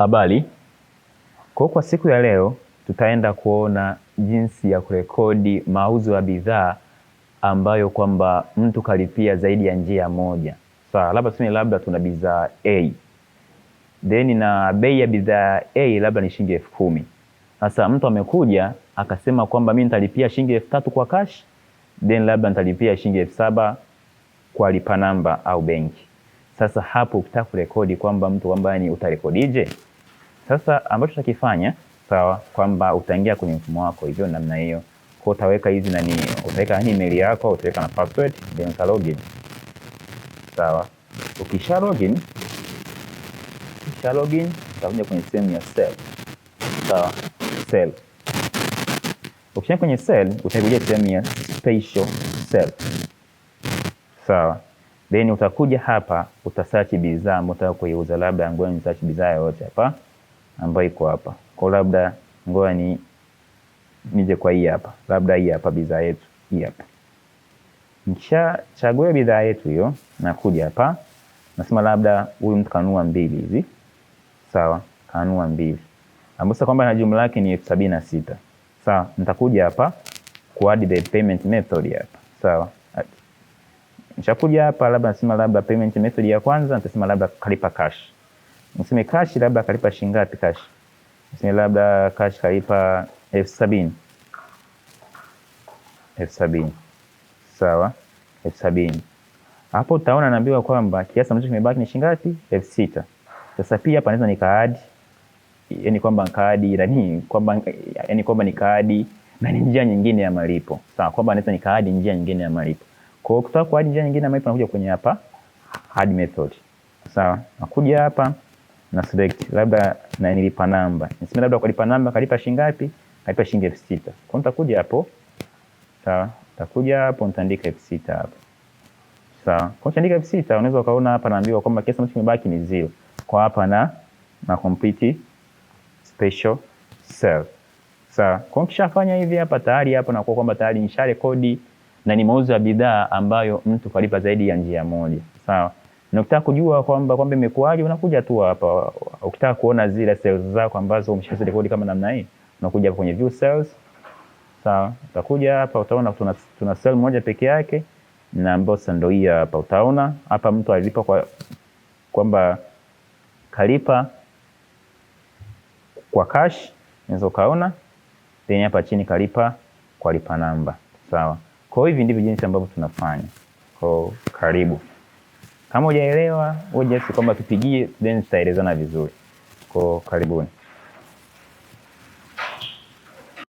Habari. Kwa kwa siku ya leo tutaenda kuona jinsi ya kurekodi mauzo ya bidhaa ambayo kwamba mtu kalipia zaidi ya njia moja. Sawa, labda tuseme labda tuna bidhaa A. Then na bei ya bidhaa A labda ni shilingi elfu kumi. Sasa mtu amekuja akasema kwamba mimi nitalipia shilingi elfu tatu kwa cash, then labda nitalipia shilingi elfu saba kwa lipa namba au benki. Sasa hapo ukitaka kurekodi kwamba mtu kwamba ni utarekodije? Sasa ambacho tutakifanya sawa, kwamba utaingia kwenye mfumo wako hivyo namna hiyo, kwa utaweka hizi nani, utaweka email yako, utaweka na password, then uta login sawa. Ukisha login, ukisha login utakuja kwenye sehemu ya sell sawa, sell. Ukisha kwenye sell utakuja sehemu ya special sell sawa then utakuja hapa utasearch bidhaa ambayo unataka kuiuza, labda ngoja ni search bidhaa yoyote hapa ambayo iko hapa. Kwa labda ngoja ni nije kwa hii hapa, labda hii hapa bidhaa yetu hii hapa. Nikishachagua bidhaa yetu hiyo, nakuja hapa nasema labda huyu mtu kanunua mbili hivi, sawa, kanunua mbili ambapo sasa kwamba na jumla yake ni elfu sabini na sita sawa. Nitakuja hapa ku add the payment method hapa, sawa. Nishakuja hapa, labda nasema labda payment method ya kwanza nitasema labda kalipa cash Useme Kashi labda kalipa shilingi ngapi Kashi? Useme labda Kashi kalipa elfu sabini elfu sabini sawa, elfu sabini hapo utaona naambiwa kwamba kiasi ambacho kimebaki ni shilingi ngapi? elfu sita Sasa pia hapa naweza nikaadi, yani kwamba nikaadi nani, kwamba yani kwamba nikaadi na njia nyingine ya malipo sawa, kwamba naweza nikaadi njia nyingine ya malipo. Kwa hiyo kutaka kuadi njia nyingine ya malipo nakuja kwenye hapa add method, sawa, nakuja hapa na select labda na nilipa namba, niseme labda ukalipa namba kalipa shilingi ngapi? Kalipa shilingi elfu sita. Kwa nitakuja hapo, sawa, nitakuja hapo nitaandika elfu sita hapo, sawa. Kwa nitaandika elfu sita unaweza ukaona hapa, naambiwa kwamba kiasi ambacho kimebaki ni zero. Kwa hapa na na complete special cell, sawa. Kwa nikishafanya hivi hapa tayari, hapo na kwa kwamba tayari nisharekodi na ni mauzo ya bidhaa ambayo mtu kalipa zaidi ya njia moja, sawa na ukitaka kujua kwamba kwamba imekuaje, unakuja tu hapa. Ukitaka kuona zile sales zako ambazo umeshazirekodi kama namna hii, unakuja hapa kwenye view sales. sawa. Utakuja hapa, utaona tuna, tuna sell moja peke yake na ambayo sasa ndio hii hapa. Utaona hapa mtu alipa kwa kwamba kalipa kwa cash, unaweza ukaona, then hapa chini kalipa kwa lipa namba, sawa. Kwa hivi ndivyo jinsi ambavyo tunafanya. Kwa karibu. Kama hujaelewa, wewe kwamba tupigie, then tutaelezana vizuri. Kwa karibuni.